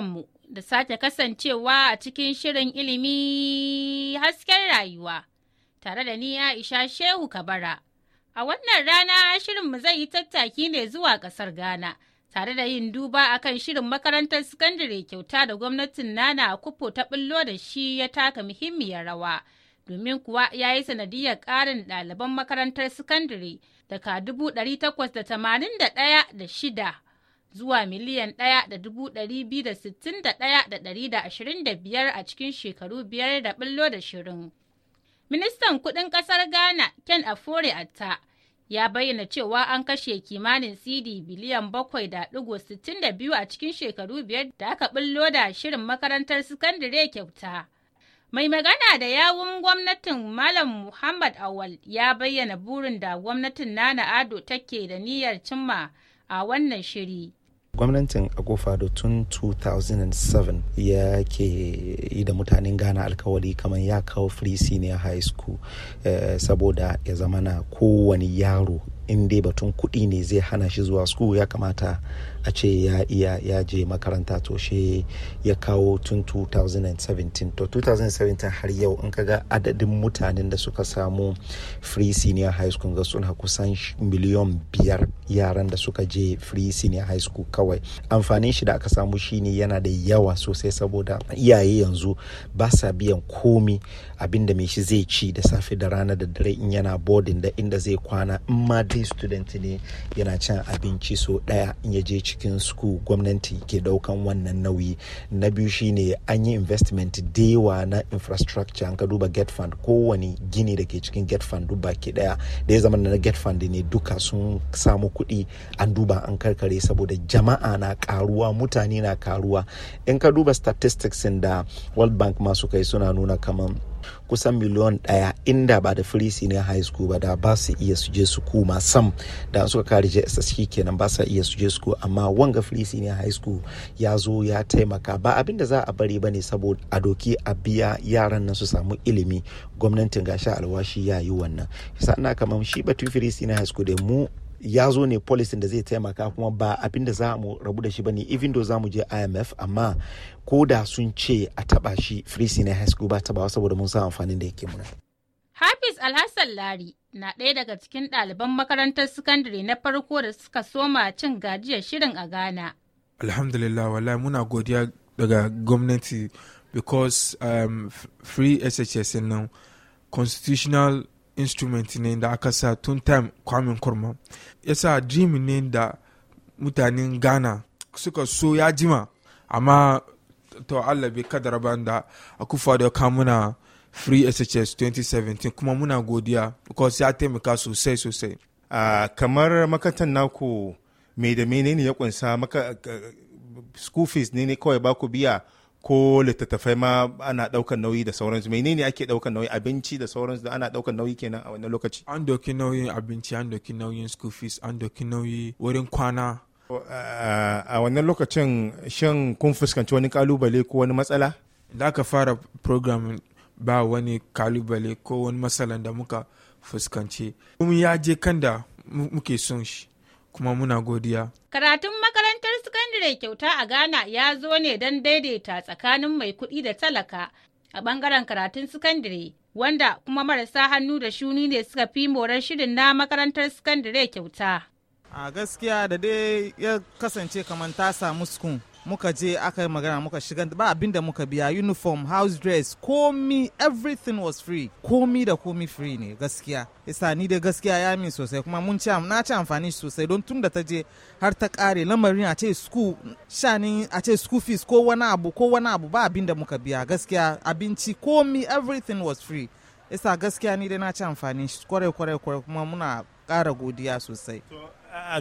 mu da sake kasancewa a cikin shirin ilimi hasken rayuwa tare da ni Aisha Shehu Kabara. A wannan rana shirin mu zai yi tattaki ne zuwa ƙasar Ghana tare da yin duba akan shirin makarantar sakandare kyauta da gwamnatin Nana Akufo ta bullo da shi ya taka muhimmiyar rawa. domin kuwa ya yi sanadiyar ƙarin ɗaliban makarantar sakandare daga ɗaya da shida zuwa miliyan 1,261,125 a cikin shekaru biyar da ɓullo da shirin. Ministan kudin ƙasar Ghana Ken Afore Atta ya bayyana cewa an kashe kimanin CD biliyan 7.62 a cikin shekaru biyar da aka ɓullo da shirin makarantar sakandare kyauta. Mai magana da yawun gwamnatin Malam Muhammad Awal ya bayyana burin da gwamnatin Nana Ado take da niyyar cimma a wannan shiri. gwamnatin da tun 2007 ya ke yi da mutanen ghana alkawari kamar ya kawo free senior high school eh, saboda ya zama na kowane yaro in dai batun kuɗi ne zai hana shi zuwa school ya kamata a ce ya iya ya je makaranta to she ya kawo tun 2017 to 2017 har yau in kaga adadin mutanen da suka samu free senior high school ga suna kusan miliyon biyar yaran da suka je free senior high school kawai amfanin shi da aka samu shi ne yana da yawa sosai saboda iyaye yanzu ba sa biyan komi abinda mai shi zai ci da safe da rana da dare in yana boarding da inda zai kwana in ma pay student ne yana cin abinci so ɗaya in ya je cikin school gwamnati ke ɗaukan wannan nauyi na biyu shine an yi investment dewa na infrastructure an ka duba get fund kowane gini da ke cikin get fund duk baki ɗaya da ya zama na get fund ne duka sun samu kuɗi an duba an karkare saboda jama'a na karuwa mutane na karuwa in ka duba statistics da world bank masu kai suna nuna kaman kusan miliyon ɗaya inda ba da free senior high school ba da ba su iya su je su kuma sam da suka kare je SSC kenan ba sa iya su je su amma wanga free senior high school ya zo ya taimaka ba abin da za a bari ba ne saboda a doki a biya yaran nan su samu ilimi gwamnatin gashi alwashi ya yi wannan yasa ina kamar shi batu free senior high school da mu ya zo ne policy da zai taimaka kuma ba abinda da za mu rabu da shi ba ne even though za mu je imf amma ko da sun ce a taba shi free senior high school ba bawa saboda mun san amfanin da yake muna hafiz alhassan lari na ɗaya daga cikin ɗaliban makarantar sakandare na farko da suka soma cin gajiyar shirin a ghana alhamdulillah wallahi muna godiya daga gwamnati because um, free shs nan constitutional instrument ne da aka sa tun time kwamin kurma yasa dream ne da mutanen ghana suka so ya jima amma to Allah bai kadara banda akufa da ka muna free SHS 2017 kuma muna godiya because ya taimaka sosai sosai uh, kamar makatan naku me da menene ya kunsa maka school fees ne ne kawai ba ku biya ko littattafai ma ana ɗaukar nauyi da sauransu menene ake ɗaukar nauyi abinci da sauransu da ana ɗaukar nauyi kenan a wannan lokaci an doki nauyin abinci an doki nauyin school fees an doki nauyi wurin kwana a wannan lokacin shan kun fuskanci wani kalubale ko wani matsala da aka fara program ba wani kalubale ko wani matsalan da muka fuskanci kuma ya je kan da muke son shi kuma muna godiya karatun makarantar sakandare kyauta a ghana ya zo ne don daidaita tsakanin mai kuɗi da talaka a ɓangaren karatun sakandare wanda kuma marasa hannu da shuni ne suka fi morar shirin na makarantar sakandare kyauta a gaskiya da dai ya kasance kamar ta samu sukun muka je aka yi magana muka shiga ba abin da muka biya uniform house dress komi everything was free komi da komi free ne gaskiya isa ni da gaskiya ya min sosai kuma mun ci na ci amfani sosai don tun da ta je har ta kare lamarin a ce school shani a ce school fees ko wani abu ko wani abu ba abin da muka biya gaskiya abinci komi everything was free isa gaskiya ni da na ci amfani kwarai kwarai kwarai kuma muna kara godiya sosai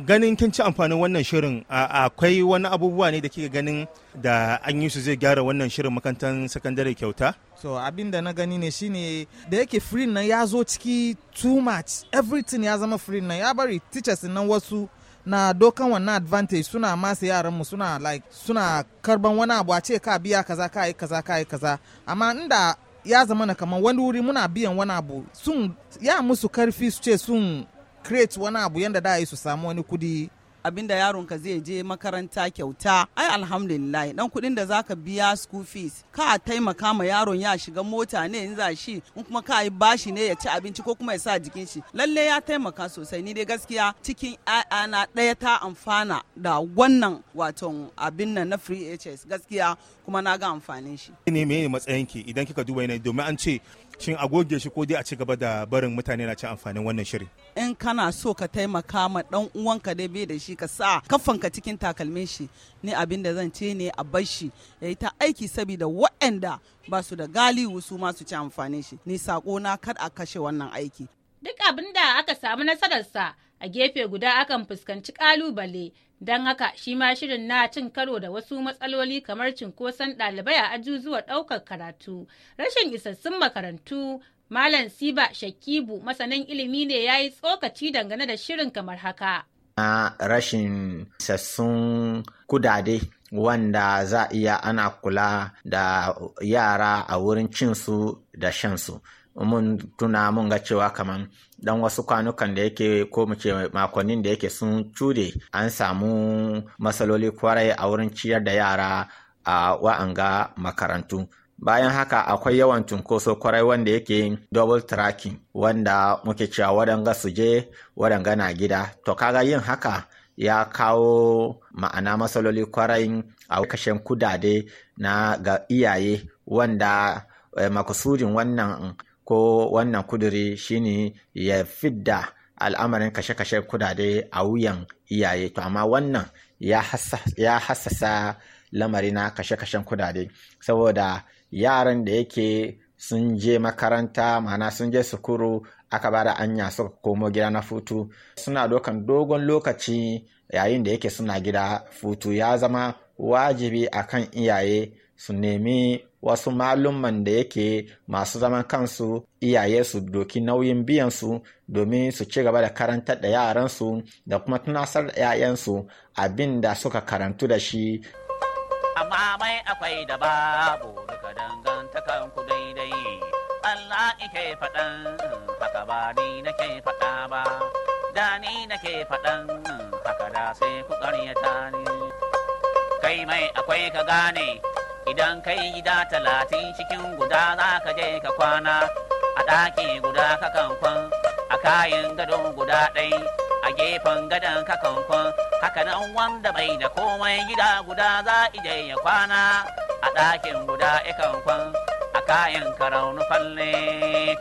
ganin kin ci amfanin wannan shirin akwai wani abubuwa ne da kika ganin da an yi su zai gyara wannan shirin makantan sakandare kyauta so abin da na gani ne shine da yake free nan ya zo ciki too much everything ya zama free nan ya bari teachers na wasu na dokan wannan advantage suna masa yaran mu suna like suna karban wani abu a ce ka biya kaza ka yi kaza ka yi kaza amma inda ya zama na kamar wani wuri muna biyan wani abu sun ya musu karfi su ce sun create wani abu yadda da yi su samu wani kudi abinda yaron ka zai je makaranta kyauta ai alhamdulillah dan kudin da zaka biya school fees ka taimaka ma yaron ya shiga mota ne in za shi in kuma ka yi bashi ne ya ci abinci ko kuma ya sa jikin shi lalle ya taimaka sosai ni dai gaskiya cikin na daya ta amfana da wannan wato abin nan na free hs gaskiya kuma na ga amfanin shi ne me matsayin ki idan kika duba ne domin an ce shin a goge shi ko dai a ci gaba da barin mutane na ci amfanin wannan shirin. in kana so ka taimaka ma dan uwanka da bai da shi ka sa kafanka cikin takalmin shi ni abin da zan ce ne a bar shi yayi ta aiki saboda waɗanda ba su da galihu su ma su ci amfanin shi ni sako na kar a kashe wannan aiki duk abin da aka samu nasararsa a gefe guda akan fuskanci kalubale don haka shi ma shirin na cin karo da wasu matsaloli kamar cinkoson ɗalibai a ajuzuwa ɗaukar karatu rashin isassun makarantu malam siba shakibu masanin ilimi ne ya yi tsokaci dangane da shirin kamar haka na rashin isassun kudade wanda za iya ana kula da yara a wurin cinsu da shansu mun tuna mun ga cewa kamar dan wasu kwanukan da yake ko mu ce makonnin da yake sun cude an samu masaloli kwarai a wurin ciyar da yara a wa'anga makarantu bayan haka akwai yawan cunkoso kwarai wanda yake double tracking wanda muke cewa wadanga su je wadanga na gida to kaga yin haka ya kawo ma'ana masaloli kwarai a kashen kudade na ga iyaye wanda eh, makusudin wannan ko wannan kuduri shine ya fidda al'amarin kashe-kashe kudade a wuyan iyaye to amma wannan ya hassasa lamari na kashe-kashen kudade saboda yaran da yake sun je makaranta mana sun je sukuru aka bada anya suka komo gida na futu suna dokan dogon lokaci yayin da yake suna gida futu ya zama wajibi akan iyaye su nemi wasu malumman da yake masu zaman kansu iyaye su doki nauyin biyansu domin su ci gaba da karantar da yaransu da kuma tunasar da 'ya'yansu abin da suka karantu da shi amma mai akwai da babu daga dangantakan ku daidai Allah ike faɗan haka ba ni nake faɗa ba da ni nake faɗan haka da sai ku ƙaryata ni kai mai akwai ka gane idan kai gida talatin cikin guda za ka je ka kwana a ɗaki guda ka kankwan a kayan gado guda ɗai a gefen gadon ka Haka nan wanda bai da komai gida guda za ije ya kwana a ɗakin guda ya kankwan a kayan karau falle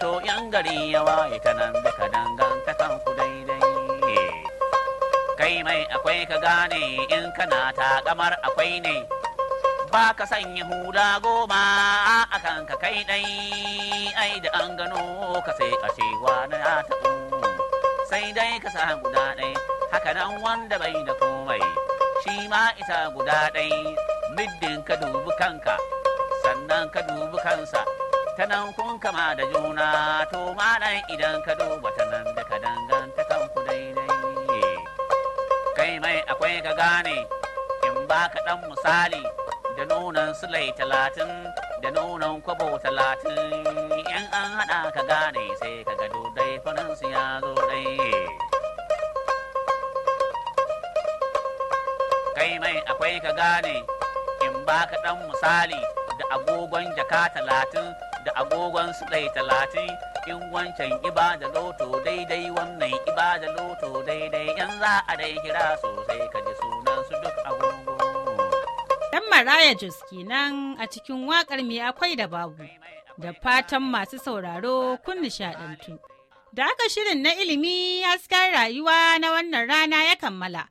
to yan gari yawa ita ta nan da ka danganta kanku daidai kai mai akwai ka gane in kana takamar akwai ne ba ka sanya hula goma a kan ka kai dai ai da an gano ka sai a cewa na ya taɓo sai dai ka sa guda ɗai haka nan wanda bai da komai shi ma isa guda ɗai middin ka dubi kanka sannan ka dubi kansa ta nan kun kama da juna to ma nan idan ka duba ta nan da ka danganta kanku daidai kai mai akwai ka gane in ba ka ɗan misali da nonon sulai talatin da nonon kwabo talatin yan an haɗa ka gane sai ka gado dai faransu ya zo dai kai mai akwai ka gane in ba ka ɗan misali da agogon jaka talatin da agogon sulai talatin in wancan iba da loto daidai wannan iba da loto daidai yan za a dai kira sosai raya jos kenan a cikin wakar mai akwai da babu da fatan masu sauraro kun nishadantu da aka shirin na ilimi hasken rayuwa na wannan rana ya kammala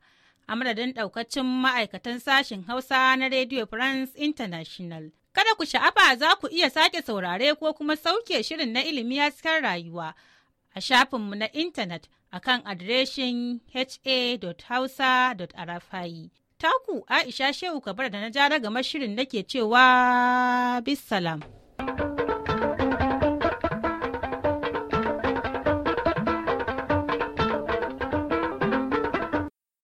a madadin ɗaukacin ma'aikatan sashen hausa na radio france international kada ku sha'afa za ku iya sake saurare ko kuma sauke shirin na ilimi hasken rayuwa a shafinmu na intanet akan adireshin ha.hausa.arafai Taku Aisha Shehu Kabar da na ja daga mashirin nake cewa bisalam.